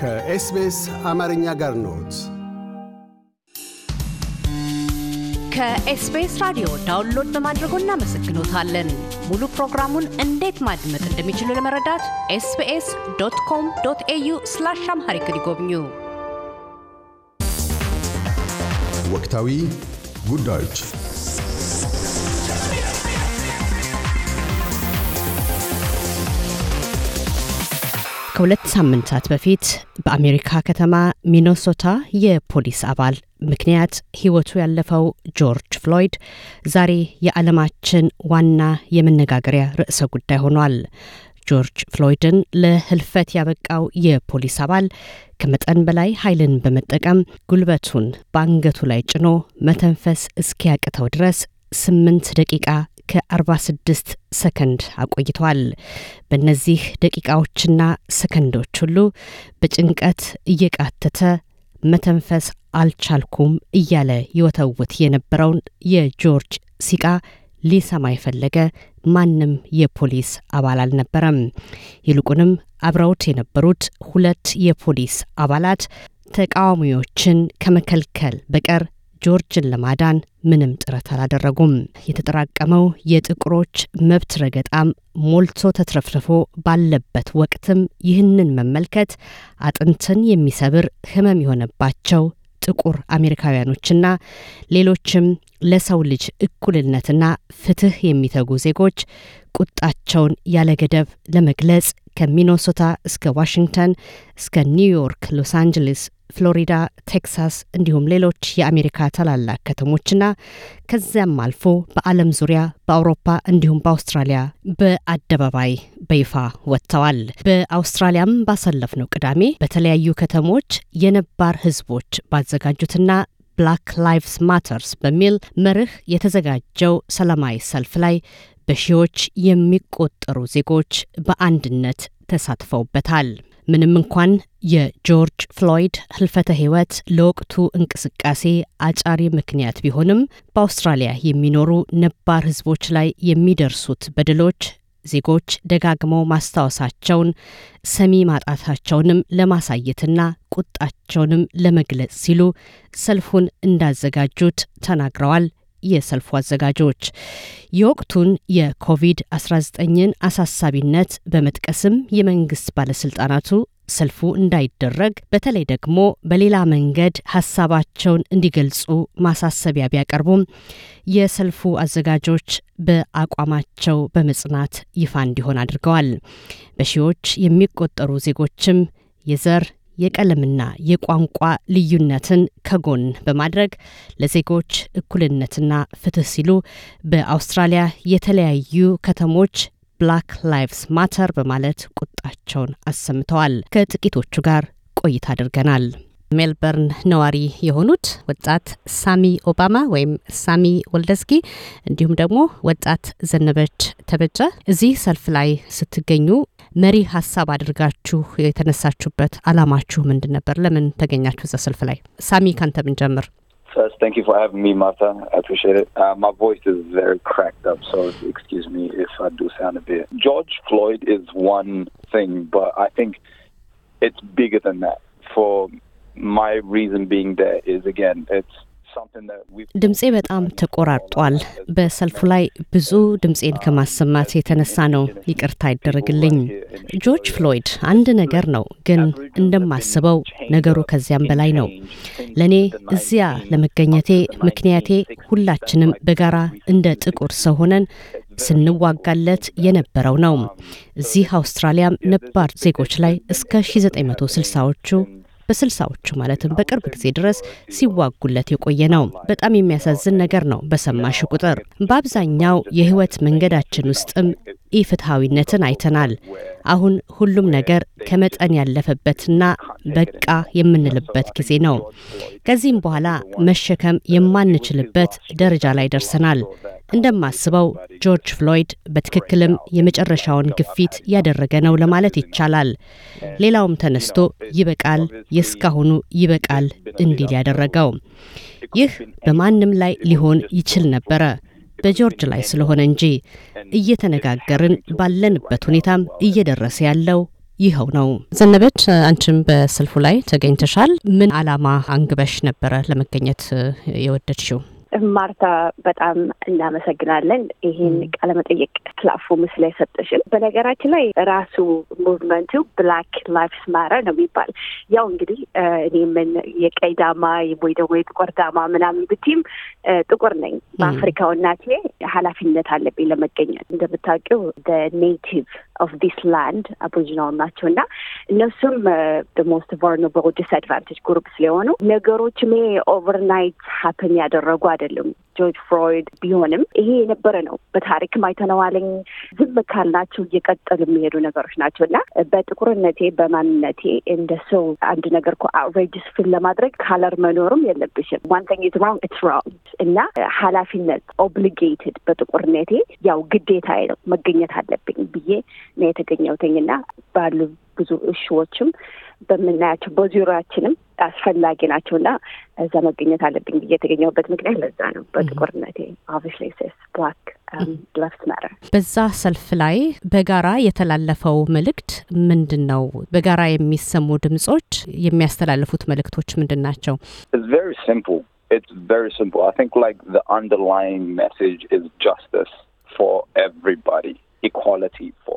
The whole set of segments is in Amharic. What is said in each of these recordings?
ከኤስቤስ አማርኛ ጋር ነት ከኤስቤስ ራዲዮ ዳውንሎድ በማድረጎ እናመሰግኖታለን። ሙሉ ፕሮግራሙን እንዴት ማድመጥ እንደሚችሉ ለመረዳት ኤስቤስ ዶት ኮም ዶት ኤዩ ስላሽ አምሃሪክ ይጎብኙ። ወቅታዊ ጉዳዮች ከሁለት ሳምንታት በፊት በአሜሪካ ከተማ ሚነሶታ የፖሊስ አባል ምክንያት ሕይወቱ ያለፈው ጆርጅ ፍሎይድ ዛሬ የዓለማችን ዋና የመነጋገሪያ ርዕሰ ጉዳይ ሆኗል። ጆርጅ ፍሎይድን ለህልፈት ያበቃው የፖሊስ አባል ከመጠን በላይ ኃይልን በመጠቀም ጉልበቱን በአንገቱ ላይ ጭኖ መተንፈስ እስኪያቅተው ድረስ ስምንት ደቂቃ ከ46 ሰከንድ አቆይተዋል። በእነዚህ ደቂቃዎችና ሰከንዶች ሁሉ በጭንቀት እየቃተተ መተንፈስ አልቻልኩም እያለ ይወተውት የነበረውን የጆርጅ ሲቃ ሊሰማ የፈለገ ማንም የፖሊስ አባል አልነበረም። ይልቁንም አብረውት የነበሩት ሁለት የፖሊስ አባላት ተቃዋሚዎችን ከመከልከል በቀር ጆርጅን ለማዳን ምንም ጥረት አላደረጉም። የተጠራቀመው የጥቁሮች መብት ረገጣም ሞልቶ ተትረፍርፎ ባለበት ወቅትም ይህንን መመልከት አጥንትን የሚሰብር ሕመም የሆነባቸው ጥቁር አሜሪካውያኖችና ሌሎችም ለሰው ልጅ እኩልነትና ፍትህ የሚተጉ ዜጎች ቁጣቸውን ያለ ገደብ ለመግለጽ ከሚኖሶታ እስከ ዋሽንግተን እስከ ኒውዮርክ፣ ሎስ አንጀለስ፣ ፍሎሪዳ፣ ቴክሳስ እንዲሁም ሌሎች የአሜሪካ ታላላቅ ከተሞችና ከዚያም አልፎ በዓለም ዙሪያ በአውሮፓ እንዲሁም በአውስትራሊያ በአደባባይ በይፋ ወጥተዋል። በአውስትራሊያም ባሳለፍነው ቅዳሜ በተለያዩ ከተሞች የነባር ህዝቦች ባዘጋጁትና ብላክ ላይቭስ ማተርስ በሚል መርህ የተዘጋጀው ሰላማዊ ሰልፍ ላይ በሺዎች የሚቆጠሩ ዜጎች በአንድነት ተሳትፈውበታል። ምንም እንኳን የጆርጅ ፍሎይድ ህልፈተ ህይወት ለወቅቱ እንቅስቃሴ አጫሪ ምክንያት ቢሆንም በአውስትራሊያ የሚኖሩ ነባር ህዝቦች ላይ የሚደርሱት በደሎች ዜጎች ደጋግመው ማስታወሳቸውን ሰሚ ማጣታቸውንም ለማሳየትና ቁጣቸውንም ለመግለጽ ሲሉ ሰልፉን እንዳዘጋጁት ተናግረዋል። የሰልፉ አዘጋጆች የወቅቱን የኮቪድ-19ን አሳሳቢነት በመጥቀስም የመንግስት ባለስልጣናቱ ሰልፉ እንዳይደረግ በተለይ ደግሞ በሌላ መንገድ ሀሳባቸውን እንዲገልጹ ማሳሰቢያ ቢያቀርቡም የሰልፉ አዘጋጆች በአቋማቸው በመጽናት ይፋ እንዲሆን አድርገዋል። በሺዎች የሚቆጠሩ ዜጎችም የዘር የቀለምና የቋንቋ ልዩነትን ከጎን በማድረግ ለዜጎች እኩልነትና ፍትህ ሲሉ በአውስትራሊያ የተለያዩ ከተሞች ብላክ ላይቭስ ማተር በማለት ቁጣቸውን አሰምተዋል። ከጥቂቶቹ ጋር ቆይታ አድርገናል። ሜልበርን ነዋሪ የሆኑት ወጣት ሳሚ ኦባማ ወይም ሳሚ ወልደስጊ እንዲሁም ደግሞ ወጣት ዘነበች ተበጀ እዚህ ሰልፍ ላይ ስትገኙ መሪ ሀሳብ አድርጋችሁ የተነሳችሁበት አላማችሁ ምንድን ነበር? ለምን ተገኛችሁ እዛ ሰልፍ ላይ? ሳሚ ካንተ First, thank you for having me, Martha. I appreciate it. Uh, my voice is very cracked up, so excuse me if I do sound a bit. George Floyd is one thing, but I think it's bigger than that. For my reason being there is again, it's ድምፄ በጣም ተቆራርጧል። በሰልፉ ላይ ብዙ ድምፄን ከማሰማት የተነሳ ነው። ይቅርታ ይደረግልኝ። ጆርጅ ፍሎይድ አንድ ነገር ነው፣ ግን እንደማስበው ነገሩ ከዚያም በላይ ነው። ለእኔ እዚያ ለመገኘቴ ምክንያቴ ሁላችንም በጋራ እንደ ጥቁር ሰው ሆነን ስንዋጋለት የነበረው ነው። እዚህ አውስትራሊያም ነባር ዜጎች ላይ እስከ 1960ዎቹ በስልሳዎቹ ማለትም በቅርብ ጊዜ ድረስ ሲዋጉለት የቆየ ነው። በጣም የሚያሳዝን ነገር ነው በሰማሽ ቁጥር። በአብዛኛው የህይወት መንገዳችን ውስጥም ኢፍትሐዊነትን አይተናል። አሁን ሁሉም ነገር ከመጠን ያለፈበትና በቃ የምንልበት ጊዜ ነው። ከዚህም በኋላ መሸከም የማንችልበት ደረጃ ላይ ደርሰናል። እንደማስበው ጆርጅ ፍሎይድ በትክክልም የመጨረሻውን ግፊት ያደረገ ነው ለማለት ይቻላል። ሌላውም ተነስቶ ይበቃል፣ የእስካሁኑ ይበቃል እንዲል ያደረገው ይህ በማንም ላይ ሊሆን ይችል ነበረ። በጆርጅ ላይ ስለሆነ እንጂ እየተነጋገርን ባለንበት ሁኔታም እየደረሰ ያለው ይኸው ነው። ዘነበች፣ አንቺም በሰልፉ ላይ ተገኝተሻል። ምን ዓላማ አንግበሽ ነበረ ለመገኘት የወደድሽው? ማርታ በጣም እናመሰግናለን ይህን ቃለ መጠየቅ ስላፉ ምስል የሰጠሽን። በነገራችን ላይ ራሱ ሙቭመንቱ ብላክ ላይፍስ ማተር ነው የሚባል ያው እንግዲህ እኔ ምን የቀይ ዳማ ወይ ደግሞ የጥቁር ዳማ ምናምን ብቲም ጥቁር ነኝ። በአፍሪካው እናቴ ኃላፊነት አለብኝ ለመገኘት እንደምታውቂው ኔቲቭ ኦፍ ዲስ ላንድ አቦሪጂናል ናቸው እና እነሱም ሞስት ቨርናብል ዲስአድቫንቴጅ ግሩፕ ስለሆኑ ነገሮች ሜ ኦቨርናይት ሀፕን ያደረጉ አይደለም። ጆርጅ ፍሮይድ ቢሆንም ይሄ የነበረ ነው። በታሪክም አይተነዋለኝ። ዝም ካልናቸው እየቀጠሉ የሚሄዱ ነገሮች ናቸው እና በጥቁርነቴ በማንነቴ እንደ ሰው አንድ ነገር እኮ አውትሬጅስ ፊል ለማድረግ ካለር መኖርም የለብሽም። ዋን ቲንግ ኢዝ ሮንግ ኢትስ ሮንግ እና ኃላፊነት ኦብሊጌትድ በጥቁርነቴ ያው ግዴታ ነው መገኘት አለብኝ ብዬ ነው የተገኘሁትኝ እና ባሉ ብዙ እሽዎችም በምናያቸው በዙሪያችንም አስፈላጊ ናቸው እና እዛ መገኘት አለብኝ ብዬ የተገኘሁበት ምክንያት ለዛ ነው። በጥቁርነቴ ኦብቪስሊ ሴስ ብላክ ላይቭስ ማተር። በዛ ሰልፍ ላይ በጋራ የተላለፈው መልእክት ምንድን ነው? በጋራ የሚሰሙ ድምጾች የሚያስተላልፉት መልእክቶች ምንድን ናቸው? It's very simple. I think like the underlying message is justice for everybody.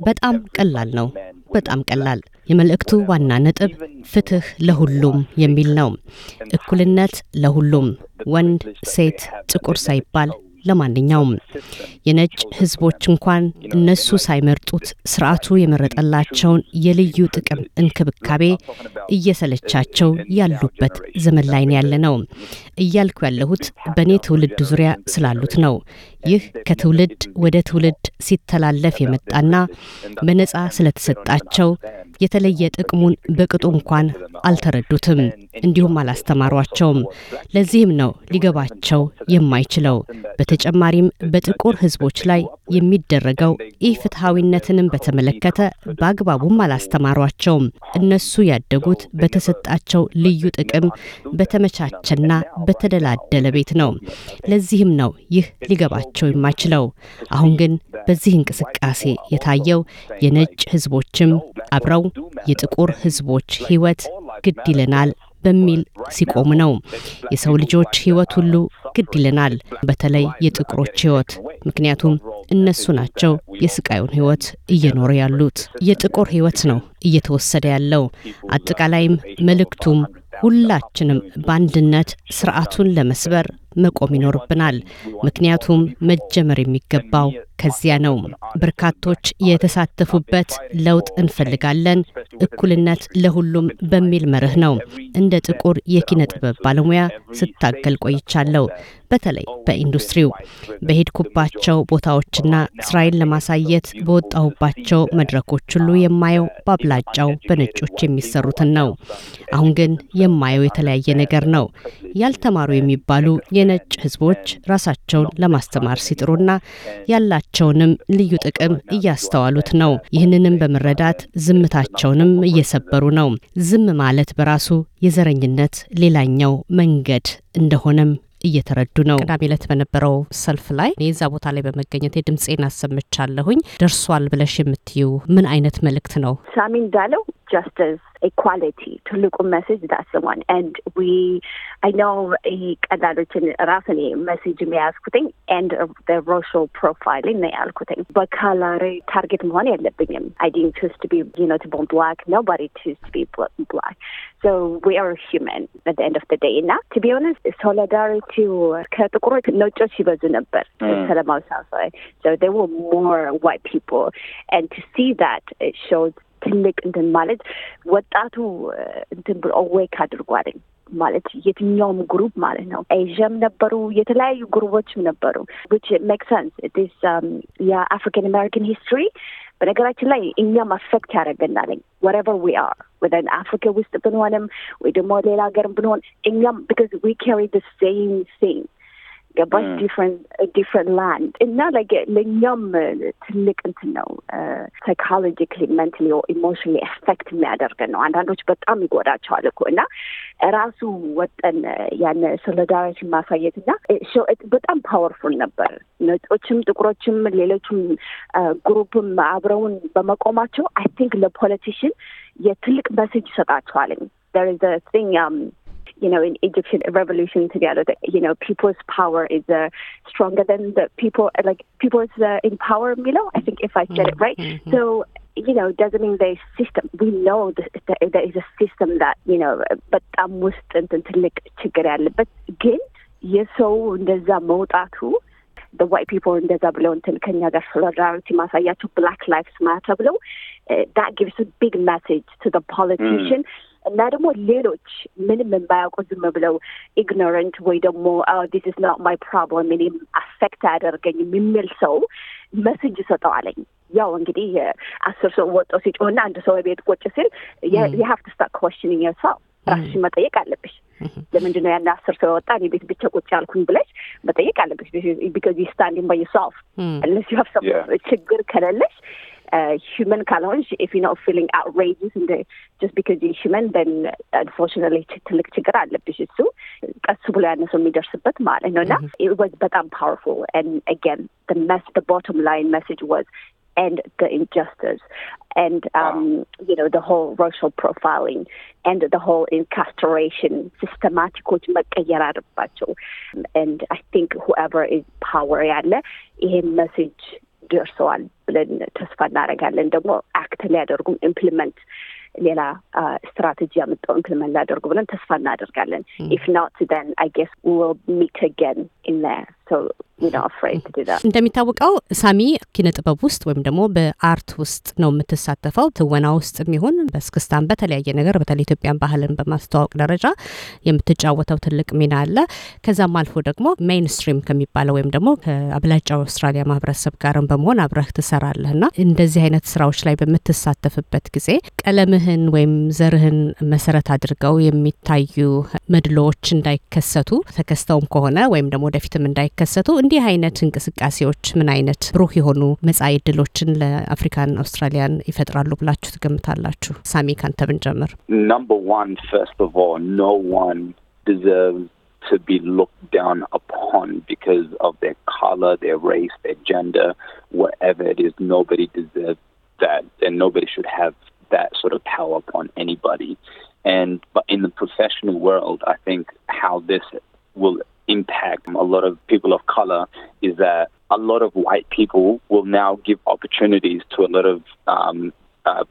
በጣም ቀላል ነው። በጣም ቀላል። የመልእክቱ ዋና ነጥብ ፍትህ ለሁሉም የሚል ነው። እኩልነት ለሁሉም ወንድ፣ ሴት፣ ጥቁር ሳይባል ለማንኛውም የነጭ ህዝቦች እንኳን እነሱ ሳይመርጡት ስርዓቱ የመረጠላቸውን የልዩ ጥቅም እንክብካቤ እየሰለቻቸው ያሉበት ዘመን ላይ ነው ያለ ነው እያልኩ ያለሁት በእኔ ትውልድ ዙሪያ ስላሉት ነው። ይህ ከትውልድ ወደ ትውልድ ሲተላለፍ የመጣና በነፃ ስለተሰጣቸው የተለየ ጥቅሙን በቅጡ እንኳን አልተረዱትም፣ እንዲሁም አላስተማሯቸውም። ለዚህም ነው ሊገባቸው የማይችለው። በተጨማሪም በጥቁር ሕዝቦች ላይ የሚደረገው ኢፍትሐዊነትንም በተመለከተ በአግባቡም አላስተማሯቸውም። እነሱ ያደጉት በተሰጣቸው ልዩ ጥቅም በተመቻቸና በተደላደለ ቤት ነው። ለዚህም ነው ይህ ሊገባቸው የማይችለው። አሁን ግን በዚህ እንቅስቃሴ የታየው የነጭ ሕዝቦችም አብረው የጥቁር ህዝቦች ህይወት ግድ ይለናል በሚል ሲቆም ነው። የሰው ልጆች ህይወት ሁሉ ግድ ይለናል፣ በተለይ የጥቁሮች ህይወት። ምክንያቱም እነሱ ናቸው የስቃዩን ህይወት እየኖሩ ያሉት። የጥቁር ህይወት ነው እየተወሰደ ያለው። አጠቃላይም መልእክቱም ሁላችንም በአንድነት ስርዓቱን ለመስበር መቆም ይኖርብናል። ምክንያቱም መጀመር የሚገባው ከዚያ ነው። በርካቶች የተሳተፉበት ለውጥ እንፈልጋለን፣ እኩልነት ለሁሉም በሚል መርህ ነው። እንደ ጥቁር የኪነ ጥበብ ባለሙያ ስታገል ቆይቻለሁ። በተለይ በኢንዱስትሪው በሄድኩባቸው ቦታዎችና ስራዬን ለማሳየት በወጣሁባቸው መድረኮች ሁሉ የማየው በአብላጫው በነጮች የሚሰሩትን ነው። አሁን ግን የማየው የተለያየ ነገር ነው። ያልተማሩ የሚባሉ የነጭ ህዝቦች ራሳቸውን ለማስተማር ሲጥሩና ያላቸውንም ልዩ ጥቅም እያስተዋሉት ነው። ይህንንም በመረዳት ዝምታቸውንም እየሰበሩ ነው። ዝም ማለት በራሱ የዘረኝነት ሌላኛው መንገድ እንደሆነም እየተረዱ ነው። ቅዳሜ ዕለት በነበረው ሰልፍ ላይ የዛ ቦታ ላይ በመገኘት የድምፄን አሰምቻለሁኝ። ደርሷል ብለሽ የምትዩ ምን አይነት መልእክት ነው? ሳሚ እንዳለው justice, equality, to look message that someone. And we, I know he kadaritin rasani message me as kuting and uh, the racial profiling they al kuting. But kalari eh, target money lebinim. I didn't choose to be, you know, to born black. Nobody choose to be black. So we are human at the end of the day. Now, to be honest, solidarity ከጥቁሮች ነጮች ይበዙ ነበር ሰለማዊ ሰልፍ ላይ so there were more white people and to see that it shows ትልቅ እንትን ማለት ወጣቱ እንትን ብሎ ዌክ አድርጓለኝ ማለት የትኛውም ግሩፕ ማለት ነው። ኤዥያም ነበሩ፣ የተለያዩ ግሩቦችም ነበሩ። ዊች ሜክ ሰንስ ዲስ የአፍሪካን አሜሪካን ሂስትሪ በነገራችን ላይ እኛም አፌክት ያደረገናለኝ ወረቨር ዊ አር ወደ አፍሪካ ውስጥ ብንሆንም ወይ ደግሞ ሌላ ሀገርም ብንሆን እኛም ቢካዝ ዊ ካሪ ዘ ሴም ቲንግ ገባሽ ዲፍረንት ላንድ እና ለእኛም ትልቅ እንትን ነው። ሳይኮሎጂካሊ ሜንታሊ ኢሞሽናሊ ኤፌክት የሚያደርግ ነው። አንዳንዶች በጣም ይጎዳቸዋል እኮ እና ራሱ ወጠን uh, ያን ሶሊዳሪቲ ማሳየት እና በጣም ፓወርፉል ነበር። ነጮችም፣ ጥቁሮችም፣ ሌሎችም ግሩፕም uh, አብረውን በመቆማቸው አይ ቲንክ ለፖለቲሽን የትልቅ መሴጅ ይሰጣቸዋል። there is a um, you know, in Egyptian revolution together, that, you know, people's power is uh, stronger than the people, like people's uh, in power, you know, I think if I said it right. Mm-hmm. So, you know, doesn't mean there's system. We know that there is a system that, you know, but I'm ትልቅ ችግር ያለበት ግን የሰው እንደዛ መውጣቱ ዋይት ፒፕል እንደዛ ብለው the ከኛ ጋር ሶሊዳሪቲ ማሳያቸው ብላክ ላይፍስ ማተር ብለው uh, that gives a big message to the politician mm. እና ደግሞ ሌሎች ምንም የማያውቁ ዝም ብለው ኢግኖረንት ወይ ደግሞ ዲስ ኢዝ ናት ማይ ፕሮብለም እኔም አፌክት አያደርገኝም የሚል ሰው መሴጅ ሰጠዋለኝ። ያው እንግዲህ አስር ሰው ወጦ ሲጮህና አንድ ሰው ቤት ቁጭ ሲል የሀፍት ስታክ ኮሽኒንግ ሰው ራስሽን መጠየቅ አለብሽ። ለምንድን ነው ያን አስር ሰው ወጣ እኔ ቤት ብቻ ቁጭ ያልኩኝ ብለሽ መጠየቅ አለብሽ። ቢካዝ ስታንዲንግ ባይ ዩርሰልፍ እነዚህ ችግር ከሌለሽ uh, human ካልሆንሽ ኢፍ ዩ ኖት ፊሊንግ አውትሬጅስ እንደ ጀስት ቢካዝ ዩ ሁመን ደን አንፎርቹናትሊ ትልቅ ችግር አለብሽ። እሱ ቀስ ብሎ ያነሱ የሚደርስበት ማለት ነው እና ኢት ዋዝ በጣም ፓወርፉል ኤንድ አገን the bottom line message was end the injustice and um, wow. you know the whole racial profiling and the whole incarceration systematic and I think whoever is power ያለ message ደርሰዋል ብለን ተስፋ እናደርጋለን። ደግሞ አክት ሊያደርጉም ኢምፕሊመንት ሌላ ስትራቴጂ ያመጣው ኢምፕሊመንት ሊያደርጉ ብለን ተስፋ እናደርጋለን። ኢፍ ናት ዘን አይ ጌስ ዊል ሚት አገን ኢን እንደሚታወቀው ሳሚ ኪነ ጥበብ ውስጥ ወይም ደግሞ በአርት ውስጥ ነው የምትሳተፈው። ትወና ውስጥ የሚሆን በስክስታን፣ በተለያየ ነገር በተለይ ኢትዮጵያን ባህልን በማስተዋወቅ ደረጃ የምትጫወተው ትልቅ ሚና አለ። ከዛም አልፎ ደግሞ ሜንስትሪም ከሚባለው ወይም ደግሞ ከአብላጫው አውስትራሊያ ማህበረሰብ ጋር በመሆን አብረህ ትሰራለህ ና እንደዚህ አይነት ስራዎች ላይ በምትሳተፍበት ጊዜ ቀለምህን ወይም ዘርህን መሰረት አድርገው የሚታዩ መድሎዎች እንዳይከሰቱ ተከስተውም ከሆነ ወይም ደግሞ ወደፊትም እንዳይ እንዲህ አይነት እንቅስቃሴዎች ምን አይነት ብሩህ የሆኑ መጻኢ ዕድሎችን ለአፍሪካን አውስትራሊያን ይፈጥራሉ ብላችሁ ትገምታላችሁ? ሳሚ ካንተ ብንጀምር። Number one, first of all, no one deserves to be looked down upon because of their color, their race, their gender, whatever it is. Nobody deserves that, and nobody should have that sort of power upon anybody. And but in the professional world, I think how this will impact a lot of people of color is that a lot of white people will now give opportunities to a lot of um, Uh,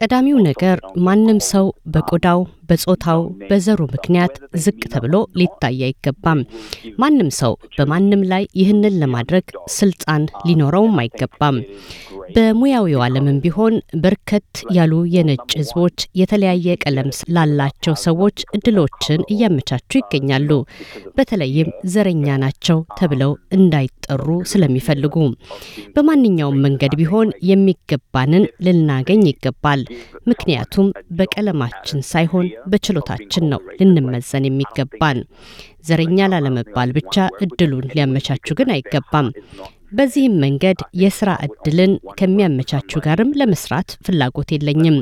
ቀዳሚው ነገር ማንም ሰው በቆዳው፣ በጾታው፣ በዘሩ ምክንያት ዝቅ ተብሎ ሊታይ አይገባም። ማንም ሰው በማንም ላይ ይህንን ለማድረግ ስልጣን ሊኖረውም አይገባም። በሙያዊው ዓለምም ቢሆን በርከት ያሉ የነጭ ህዝቦች የተለያየ ቀለም ላላቸው ሰዎች እድሎችን እያመቻቹ ይገኛሉ። በተለይም ዘረኛ ናቸው ተብለው እንዳይጠሩ ስለሚፈልጉ በማንኛውም በየትኛውም መንገድ ቢሆን የሚገባንን ልናገኝ ይገባል። ምክንያቱም በቀለማችን ሳይሆን በችሎታችን ነው ልንመዘን የሚገባን። ዘረኛ ላለመባል ብቻ እድሉን ሊያመቻቹ ግን አይገባም። በዚህም መንገድ የስራ እድልን ከሚያመቻቹ ጋርም ለመስራት ፍላጎት የለኝም።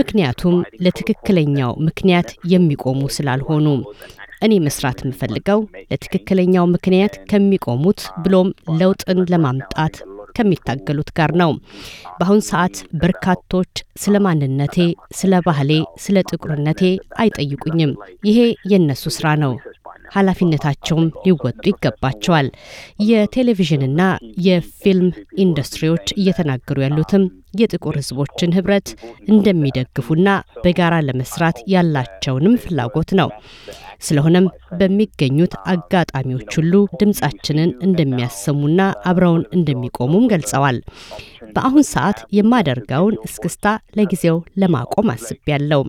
ምክንያቱም ለትክክለኛው ምክንያት የሚቆሙ ስላልሆኑ እኔ መስራት የምፈልገው ለትክክለኛው ምክንያት ከሚቆሙት ብሎም ለውጥን ለማምጣት ከሚታገሉት ጋር ነው። በአሁን ሰዓት በርካቶች ስለ ማንነቴ፣ ስለ ባህሌ፣ ስለ ጥቁርነቴ አይጠይቁኝም። ይሄ የእነሱ ስራ ነው። ኃላፊነታቸውም ሊወጡ ይገባቸዋል። የቴሌቪዥንና የፊልም ኢንዱስትሪዎች እየተናገሩ ያሉትም የጥቁር ህዝቦችን ህብረት እንደሚደግፉና በጋራ ለመስራት ያላቸውንም ፍላጎት ነው። ስለሆነም በሚገኙት አጋጣሚዎች ሁሉ ድምፃችንን እንደሚያሰሙና አብረውን እንደሚቆሙም ገልጸዋል። በአሁን ሰዓት የማደርገውን እስክስታ ለጊዜው ለማቆም አስቤያለሁ።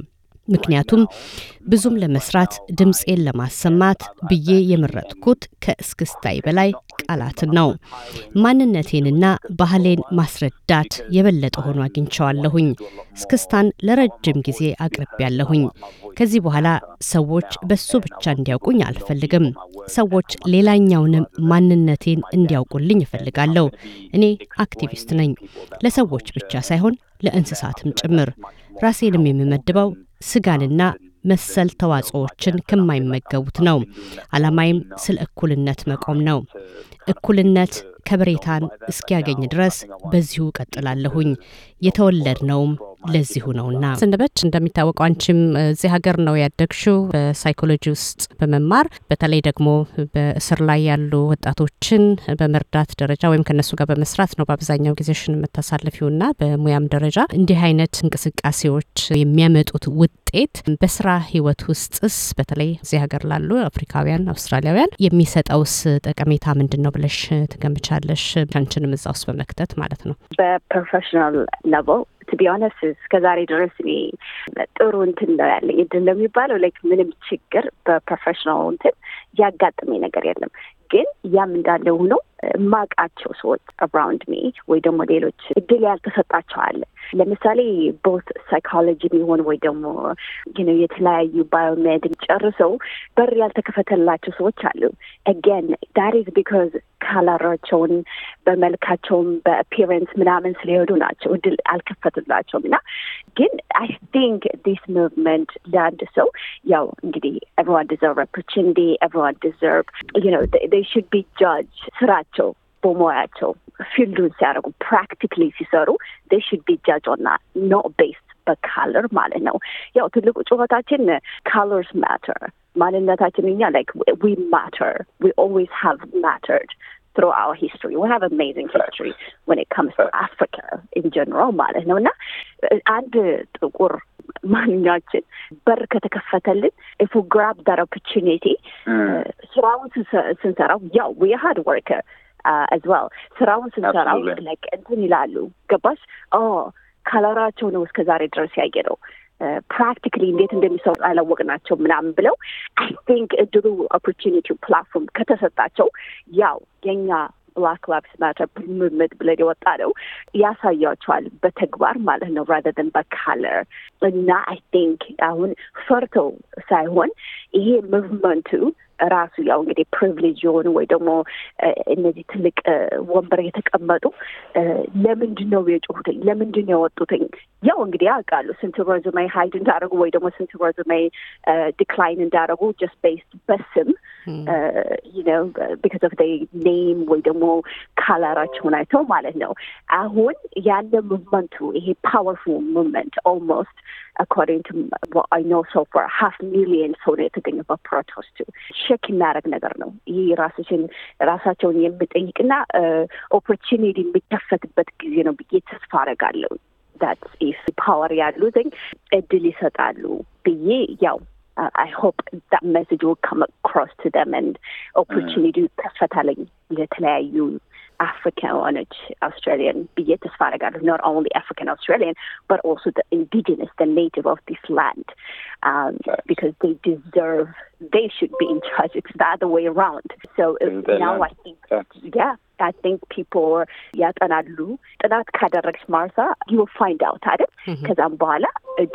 ምክንያቱም ብዙም ለመስራት ድምፄን ለማሰማት ብዬ የመረጥኩት ከእስክስታይ በላይ ቃላትን ነው። ማንነቴንና ባህሌን ማስረዳት የበለጠ ሆኖ አግኝቸዋለሁኝ። እስክስታን ለረጅም ጊዜ ያለሁኝ። ከዚህ በኋላ ሰዎች በሱ ብቻ እንዲያውቁኝ አልፈልግም። ሰዎች ሌላኛውንም ማንነቴን እንዲያውቁልኝ እፈልጋለሁ። እኔ አክቲቪስት ነኝ፣ ለሰዎች ብቻ ሳይሆን ለእንስሳትም ጭምር። ራሴንም የምመድበው ስጋንና መሰል ተዋጽኦዎችን ከማይመገቡት ነው። ዓላማይም ስለ እኩልነት መቆም ነው። እኩልነት ከበሬታን እስኪያገኝ ድረስ በዚሁ ቀጥላለሁኝ። የተወለድነውም ለዚሁ ነውና ስንበች እንደሚታወቀው አንቺም እዚህ ሀገር ነው ያደግሽው በሳይኮሎጂ ውስጥ በመማር በተለይ ደግሞ በእስር ላይ ያሉ ወጣቶችን በመርዳት ደረጃ ወይም ከነሱ ጋር በመስራት ነው በአብዛኛው ጊዜሽን የምታሳልፊውና በሙያም ደረጃ እንዲህ አይነት እንቅስቃሴዎች የሚያመጡት ውጤት በስራ ህይወት ውስጥስ በተለይ እዚህ ሀገር ላሉ አፍሪካውያን፣ አውስትራሊያውያን የሚሰጠውስ ጠቀሜታ ምንድን ነው ብለሽ ትገምቻለሽ? አንቺንም እዛ ውስጥ በመክተት ማለት ነው በፕሮፌሽናል ሌቨል to be honest, it's because I address me that Uruntin, you didn't know me about like minimum chicker, but professional on tip, Yagat mean a garrison. Gin, Yamda Luno, around me, we don't model it, Gilial to such a child. Lemisali, both psychology, me one way don't you know, you tell you biomed and charoso, but real to cafetal lachos, Again, that is because. ካላራቸውን በመልካቸውም በአፒረንስ ምናምን ስለሄዱ ናቸው እድል አልከፈቱላቸውም። እና ግን አይ ቲንክ ዲስ ሙቭመንት ለአንድ ሰው ያው እንግዲህ ኤቭሪዋን ዲዘርቭ ኦፖርቹኒቲ ኤቭሪዋን ዲዘርቭ ዩ ኖ ዴይ ሹድ ቢ ጃጅ ስራቸው በሙያቸው ፊልዱን ሲያደርጉ ፕራክቲካሊ ሲሰሩ ዴይ ሹድ ቢ ጃጅ ኦን ኖት ቤስድ በካለር ማለት ነው። ያው ትልቁ ጩኸታችን ካለርስ ማተር ማንነታችን እኛ ላይክ ዊ ማተር ዊ ኦልዌዝ ሃቭ ማተርድ through our history. We have amazing history when it comes to Africa in general ማለት ነው እና አንድ ጥቁር ማንኛችን በር ከተከፈተልን ኢፍ ዊ ግራብ ዳት ኦፖርቹኒቲ ስራውን ስንሰራው ያው ዊ ሃርድ ወርክ አዝ ዌል ስራውን ስንሰራው ላይክ እንትን ይላሉ ገባሽ ኦ ከለራቸው ነው እስከ ዛሬ ድረስ ያየ ነው ፕራክቲካሊ እንዴት እንደሚሰሩ አላወቅናቸው ምናምን ብለው አይ ቲንክ እድሉ ኦፖርቹኒቲው ፕላትፎርም ከተሰጣቸው ያው የኛ ብላክ ላይቭስ ማተር ምምድ ብለን የወጣ ነው ያሳያቸዋል በተግባር ማለት ነው ራደር ን በካለር እና አይ ቲንክ አሁን ፈርተው ሳይሆን ይሄ ሙቭመንቱ ራሱ ያው እንግዲህ ፕሪቪሌጅ የሆኑ ወይ ደግሞ እነዚህ ትልቅ ወንበር የተቀመጡ ለምንድን ነው የጮሁትኝ? ለምንድን ነው ያወጡትኝ? ያው እንግዲህ ያውቃሉ ስንት ረዙሜ ሀይድ እንዳደረጉ ወይ ደግሞ ስንት ረዙሜ ዲክላይን እንዳደረጉ ጀስት ቤስድ በስም ነው ቢካዝ ኦፍ ኔም ወይ ደግሞ ካለራቸውን አይተው ማለት ነው። አሁን ያለ ሙቭመንቱ ይሄ ፓወርፉል ሙቭመንት ኦልሞስት አኮርዲንግ ቱ አይ ኖ ሶ ፋር ሀፍ ሚሊየን ሰው ነው የተገኘበት ፕሮቴስቱ ሸክ የሚያደርግ ነገር ነው። ይህ ራስሽን ራሳቸውን የሚጠይቅና ኦፖርቹኒቲ የሚከፈትበት ጊዜ ነው ብዬ ተስፋ አደርጋለሁ። ዳት ኢፍ ፓወር ያሉ ዘኝ እድል ይሰጣሉ ብዬ ያው አይ ሆፕ ዳት ሜሴጅ ዊል ካም አክሮስ ቱ ደም ኤንድ ኦፖርቹኒቲ ይከፈታለኝ ለተለያዩ African-owned Australian be it as far Bietasvaragar, not only African-Australian, but also the indigenous, the native of this land, um, because they deserve, they should be in charge. It's the other way around. So uh, now I think, yeah, I think people, yeah, Tanadlu, Tanad Kadarek Martha, you will find out, because mm-hmm. I'm Bala, a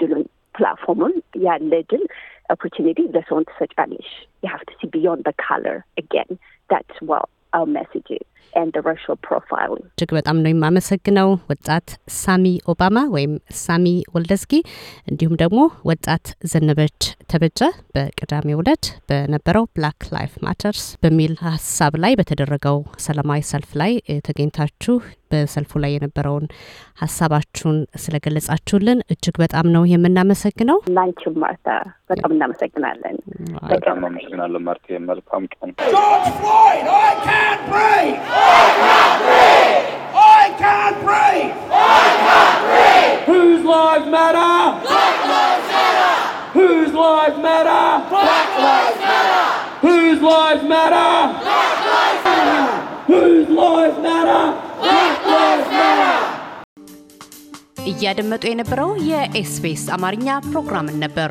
platform, yeah, legend, opportunity, there's one such Spanish. You have to see beyond the color again. That's what our message is. እጅግ በጣም ነው የማመሰግነው ወጣት ሳሚ ኦባማ ወይም ሳሚ ወልደስኪ፣ እንዲሁም ደግሞ ወጣት ዘነበች ተበጀ በቅዳሜው ዕለት በነበረው ብላክ ላይፍ ማተርስ በሚል ሀሳብ ላይ በተደረገው ሰላማዊ ሰልፍ ላይ ተገኝታችሁ በሰልፉ ላይ የነበረውን ሀሳባችሁን ስለገለጻችሁልን እጅግ በጣም ነው የምናመሰግነው። ላንቺም ማርታ በጣም እናመሰግናለን። በጣም አመሰግናለን ማርታ። መልካም ቀን። I can't breathe! I can't breathe! Whose lives matter? Black lives matter! Whose lives matter? Black lives matter! Whose lives matter? Black lives matter! Whose lives matter? Black lives matter! እያደመጡ የነበረው የኤስቢኤስ አማርኛ ፕሮግራምን ነበር።